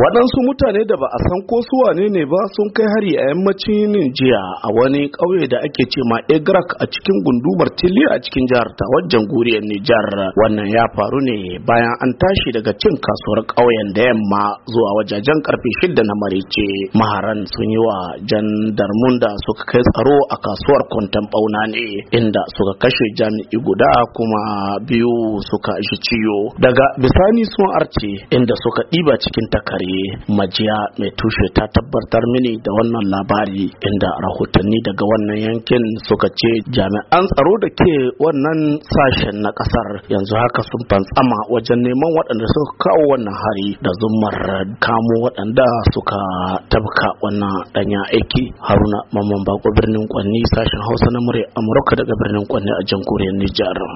waɗansu mutane da ba a san ko su wane ne ba sun kai hari a yammacin jiya a wani ƙauye da ake ce ma egrak a cikin gundumar tili a cikin jihar tawar jamhuriyar nijar wannan ya faru ne bayan an tashi daga cin kasuwar ƙauyen da yamma zuwa wajajen karfe shida na marece maharan sun yi wa jandarmun da suka kai tsaro a kasuwar kwantan bauna ne inda suka kashe jami'i guda kuma biyu suka ji ciyo daga bisani sun arce inda suka ɗiba cikin takari iyaye majiya mai tushe ta tabbatar mini da wannan labari inda rahotanni daga wannan yankin suka ce jami'an tsaro da ke wannan sashen na kasar yanzu haka sun fantsama wajen neman waɗanda suka kawo wannan hari da zumar kamo waɗanda suka tabka wannan danya aiki haruna mamman bako birnin kwanni sashen hausa na murya amurka daga birnin kwanni a jamhuriyar nijar